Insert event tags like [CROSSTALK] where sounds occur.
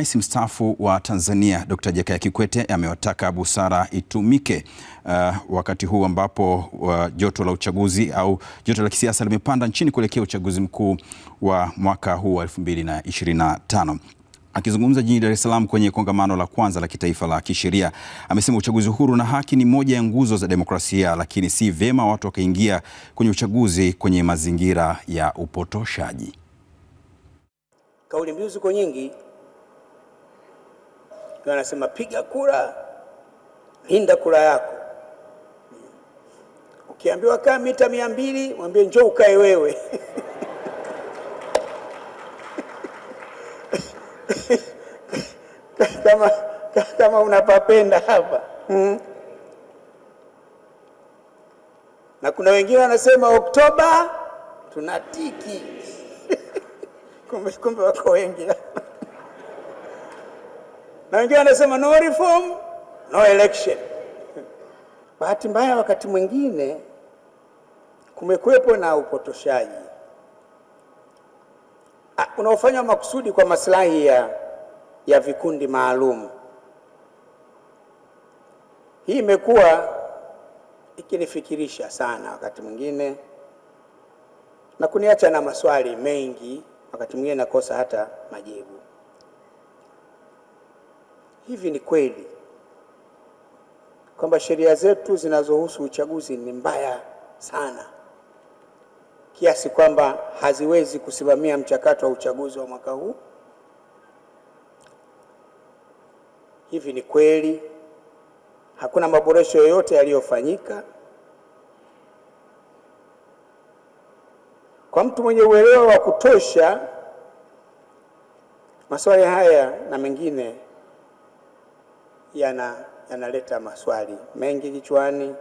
Rais mstaafu wa Tanzania d Jakaya Kikwete amewataka busara itumike uh, wakati huu ambapo uh, joto la uchaguzi au joto la kisiasa limepanda nchini kuelekea uchaguzi mkuu wa mwaka huu wa 2025. Akizungumza jijini Dar es Salaam kwenye kongamano la kwanza la kitaifa la kisheria, amesema uchaguzi huru na haki ni moja ya nguzo za demokrasia, lakini si vyema watu wakaingia kwenye uchaguzi kwenye mazingira ya upotoshaji. Kauli mbiu ziko nyingi kwa anasema piga kura, linda kura yako. Ukiambiwa kaa mita mia mbili, mwambie njoo ukae wewe [LAUGHS] kama, kama unapapenda hapa hmm. Na kuna wengine wanasema Oktoba tunatiki [LAUGHS] kumbe kumbe wako wengi na wengine wanasema no reform no election. [LAUGHS] Bahati mbaya, wakati mwingine kumekuwepo na upotoshaji ah, unaofanywa makusudi kwa maslahi ya, ya vikundi maalum. Hii imekuwa ikinifikirisha sana wakati mwingine na kuniacha na maswali mengi, wakati mwingine nakosa hata majibu hivi ni kweli kwamba sheria zetu zinazohusu uchaguzi ni mbaya sana kiasi kwamba haziwezi kusimamia mchakato wa uchaguzi wa mwaka huu? Hivi ni kweli hakuna maboresho yoyote yaliyofanyika? Kwa mtu mwenye uelewa wa kutosha, maswali haya na mengine yanaleta yana maswali mengi kichwani.